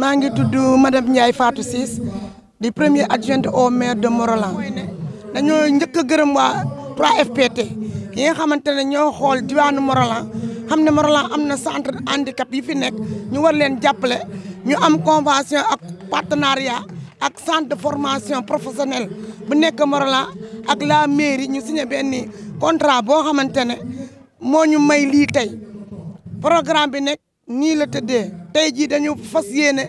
maa ngi tudd madame Ndiaye Fatou Ciss di premier adjointe au mair de Morolan dañoo njëkk a gërëm waa 3FPT yi nga xamante ne ñoo xool diwaanu morola xam ne Morolan am na centre handicap yi fi nekk ñu war leen jàppale ñu am convention ak partenariat ak centre de formation professionnelle bu nekk Morolan ak la mairie ñu signé benni contrat boo xamante ne moo ñu may lii tey programme bi nekk nii la tëddee. tey jii dañu fas yéene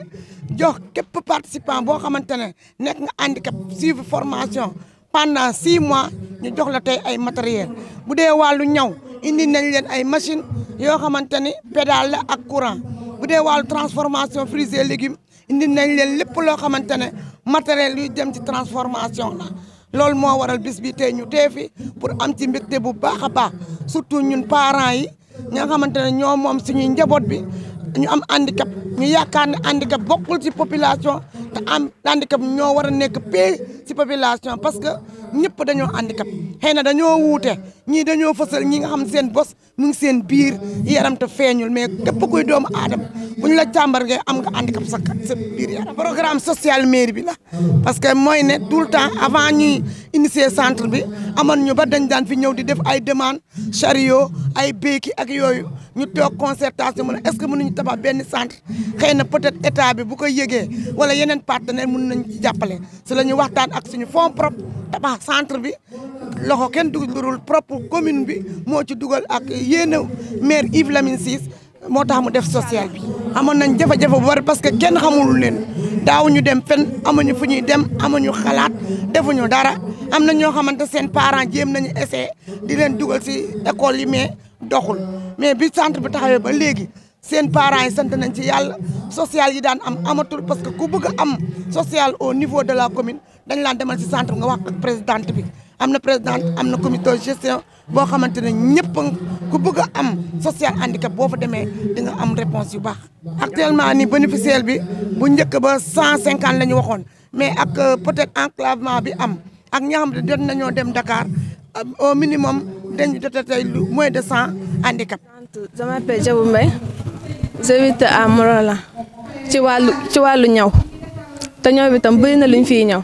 jox képp participant boo xamante ne nekk nga handicap suivre formation pendant six mois ñu jox la tey ay matériel bu dee wàllu ñaw indi nañ leen ay machine yoo xamante ni pédale la ak courant bu dee wàllu transformation fruits et légumes indi nañ leen lépp loo xamante ne matériel yuy jëm ci transformation la loolu moo waral bis bi tey ñu teefi pour am ci mbégte bu baax a baax surtout ñun parent yi ñi nga xamante ne ñoo moom suñuy njaboot bi ñu am handicap ñu yaakaar ne handicap bokkul ci population te am handicap ñoo war a nekk pay ci population parce que ñëpp dañoo handicap xëy na dañoo wuute ñii dañoo fësal ñi nga xam seen bos mu ngi seen biir yaram te feeñul mais képp kuy doomu aadama bu ñu la càmbar ngay am nga handicap sa sa biir yaram. programme social mairie bi la parce que mooy ne tout le temps avant ñuy initier centre bi amoon ñu ba dañ daan fi ñëw di def ay demande chariot ay béyki ak yooyu. ñu toog concertation mu ne est-ce que mënuñu tabax benn centre xëy na peut-être état bi bu ko yëgee wala yeneen partenaire mën nañ ci jàppale si la ñu waxtaan ak suñu fonds propre tabax centre bi loxo kenn dugalul propre commune bi moo ci dugal ak yéen a maire Yves Lamine moo tax mu def social bi amoon nañ jafe-jafe bu bari parce que kenn xamul leen ñu dem fenn amuñu fu ñuy dem amuñu xalaat defuñu dara am na ñoo xamante seen parent jéem nañu essayer di leen dugal ci école yi mais doxul mais bi centre bi taxawee ba léegi seen parents yi sant nañ ci yàlla social yi daan am amatul parce que ku bëgg am social au niveau de la commune dañ laan demal ci centre nga wax ak présidente bi am na président am na comité gestion boo xamante ne ñëpp ku bëgg am social handicap boo fa demee di nga am réponse yu baax. actuellement ni bénéficiaire bi bu njëkk ba cent cinquante la ñu waxoon mais ak euh, peut-être enclavement bi am ak ñi nga xam ne jot nañoo dem Dakar euh, au minimum dañu jot a tey lu moins de cent handicap. je m'appelle Diabou Mbaye j'habite à Morolan ci wàllu ci wàllu ñaw te ñaw bi tam bëri na luñ fi ñaw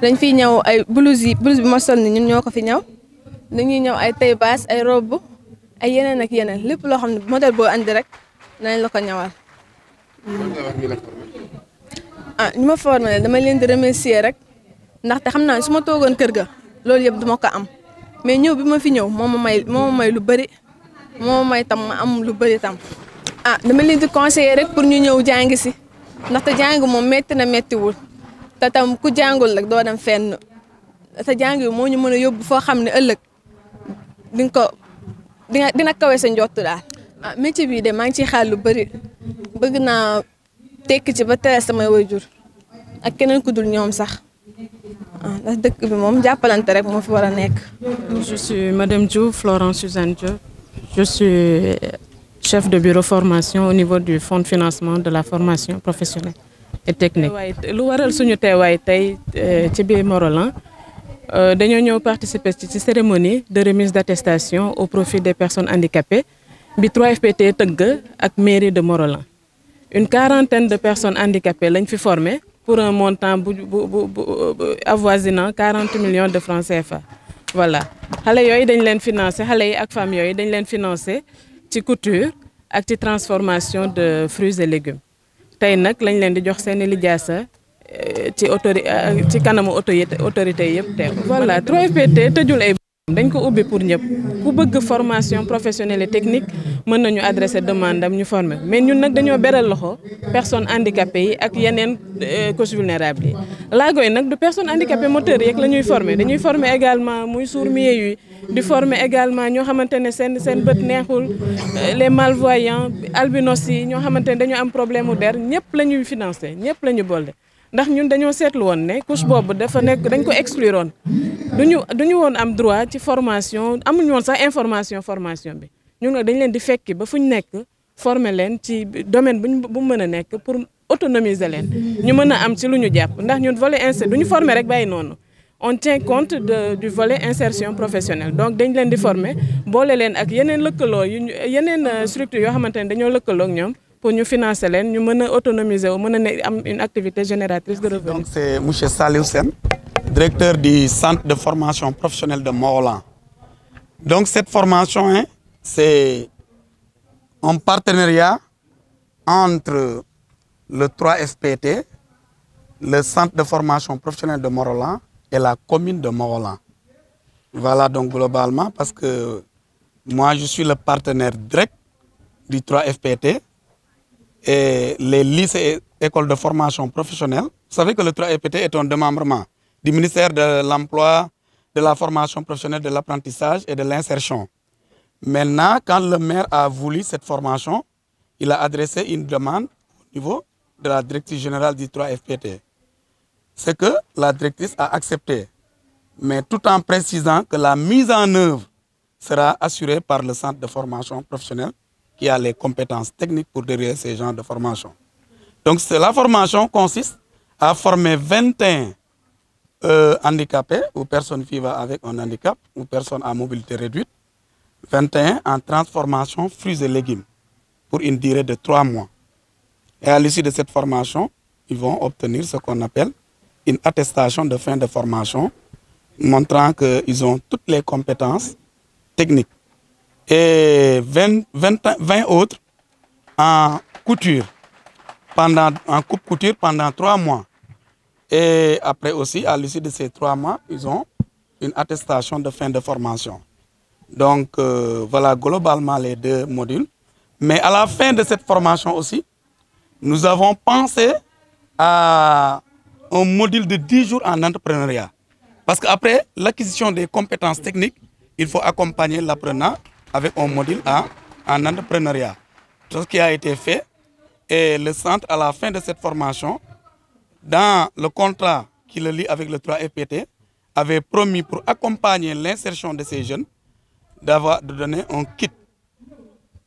dañ fiy ñaw ay blouse yi blouse bi ma sol ni ñun ñoo ko fi ñaw dañuy ñaw ay taille basse ay robe ay yeneen ak yeneen lépp loo xam ne modèle boo andi rek nañ la ko ñawal. ah ñu ma formé dama leen di remercier rek ndaxte xam naa su ma toogoon kër ga loolu yëpp duma ko am mais ñëw bi ma fi ñëw moo ma may lu bëri. moo may tam ma am lu bari tam ah dama leen di conseiller rek pour ñu ñëw jàng si ndaxte jàng moom metti na mettiwul te tam ku jàngul rek doo dem fenn te jàng yi moo ñu mën a yóbbu foo xam ne ëllëg di ko dina dina kawe sa njottu daal. ah de maa ngi ciy xaar lu bari bëgg naa tekki ci ba tere samay wayjur ak keneen ku dul ñoom sax. ah ndax dëkk bi moom jàppalante rek moo fi war a nekk. je suis madame Diouf Florence Je suis chef de bureau formation au niveau du fonds de financement de la formation professionnelle et technique. lu waral suñu teewaay tey euh, ci biir Morolan euh, dañoo ñëw participer ci cérémonie de remise d'attestation au profit des personnes handicapées bi 3FPT tëgg ak mairie de Morolan une quarantaine de personnes handicapées lañ fi former pour un montant bu bu bu avoisinant 40 millions de francs CFA. voilà xale yooyu dañ leen financé xale yi ak femmes yooyu dañ leen financé ci couture ak ci transformation de fruits et légumes tey nag lañ leen di jox seen i lijaasa eh, ci autori eh, ci kanamu autorité autorité yëpp voilà 3PT tëjul ay. dañ ko ubbi pour ñëpp ku bëgg formation professionnel et technique mën nañu adressé demande am ñu former mais ñun nag dañoo beral loxo personnes handicapées yi ak yeneen euh, couches vulnérables yi. laago yi nag du personne handicapée moteur yeeg la ñuy former dañuy former également muy sourds-muets yi di former également ñoo xamante ne seen seen bët neexul euh, les malvoyants albinos yi ñoo xamante ne dañoo am problème mu der ñëpp la ñuy financer ñëpp la ñu boole ndax ñun dañoo seetlu woon ne couche boobu dafa nekk dañ ko exclure woon du duñu woon am droit ci formation amuñu woon sax information formation bi ñu nag dañ leen di fekki ba fu ñu nekk former leen ci domaine bu ñu bu mën a nekk pour autonomiser leen ñu mën a am ci lu ñu jàpp ndax ñun volet inser du ñu former rek bàyyi noonu on tient de du volet insertion professionnelle donc dañ leen di former boole ak yeneen lëkkaloo yu yeneen euh, structure yoo xamante ne dañoo lëkkaloo ak ñoom pour ñu financer leen ñu mën a autonomiser wu mën a ne am une activité génératrice de revenus donc c'est monsieur directeur du centre de formation professionnelle de mont Donc cette formation, hein, c'est un partenariat entre le 3FPT, le centre de formation professionnelle de mont et la commune de mont Voilà donc globalement parce que moi je suis le partenaire direct du trois fpt et les lycées et écoles de formation professionnelle. Vous savez que le 3FPT est un démembrement. du ministère de l'Emploi, de la formation professionnelle, de l'apprentissage et de l'insertion. Maintenant, quand le maire a voulu cette formation, il a adressé une demande au niveau de la directrice générale du trois fpt C'est que la directrice a accepté, mais tout en précisant que la mise en œuvre sera assurée par le centre de formation professionnelle qui a les compétences techniques pour délivrer ces genres de formation. Donc la formation consiste à former euh, handicapés ou personne vivant avec un handicap ou personnes à mobilité réduite. 21 en transformation fruits et légumes pour une durée de trois mois. Et à l'issue de cette formation, ils vont obtenir ce qu'on appelle une attestation de fin de formation montrant qu'ils ont toutes les compétences techniques. Et 20, 20, 20 autres en pendant, en coupe-couture pendant trois mois. Et après aussi, à l'issue de ces trois mois, ils ont une attestation de fin de formation. Donc euh, voilà globalement les deux modules. Mais à la fin de cette formation aussi, nous avons pensé à un module de dix jours en entrepreneuriat. Parce qu'après l'acquisition des compétences techniques, il faut accompagner l'apprenant avec un module en, en entrepreneuriat. Tout ce qui a été fait et le centre, à la fin de cette formation, dans le contrat qui le lie avec le 3FPT, avait promis pour accompagner l'insertion de ces jeunes d'avoir de donner un kit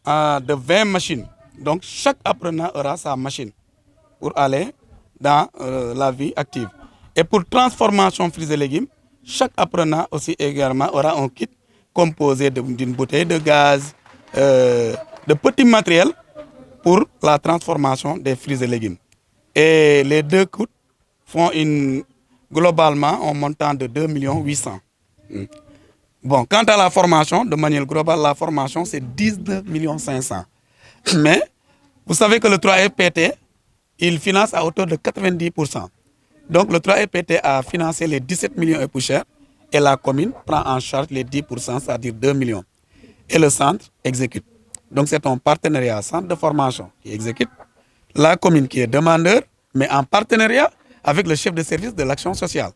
euh, de 20 machines. Donc chaque apprenant aura sa machine pour aller dans euh, la vie active. Et pour transformation fruits et légumes, chaque apprenant aussi également aura un kit composé d'une bouteille de gaz, euh, de petits matériels pour la transformation des fruits et légumes. Et les deux coûts font une, globalement un montant de 2 800 000. Bon, quant la formation, de manière globale, la formation, c'est 19 500 000. Mais vous savez le 3FPT, il finance à hauteur de 90%. Donc le 3FPT a financé les 17 millions et poussières et la commune prend en charge les 10%, c'est-à-dire 2 millions. le centre exécute. Donc c'est un partenariat centre de formation qui la commune qui est demandeur, mais en partenariat avec le chef de service de l'action sociale.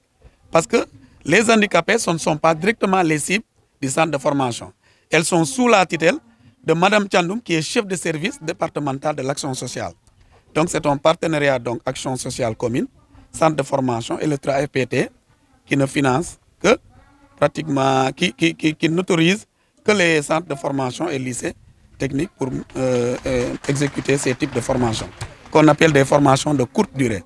Parce que les handicapés ce ne sont pas directement les cibles du centre de formation. Elles sont sous la tutelle de Madame Tchandoum, qui est chef de service départemental de l'action sociale. Donc c'est un partenariat donc action sociale commune, centre de formation et le TRAFPT qui ne finance que pratiquement, qui, qui, qui, qui n'autorise que les centres de formation et lycées techniques pour euh, euh, exécuter ces types de formations, qu'on appelle des formations de courte durée.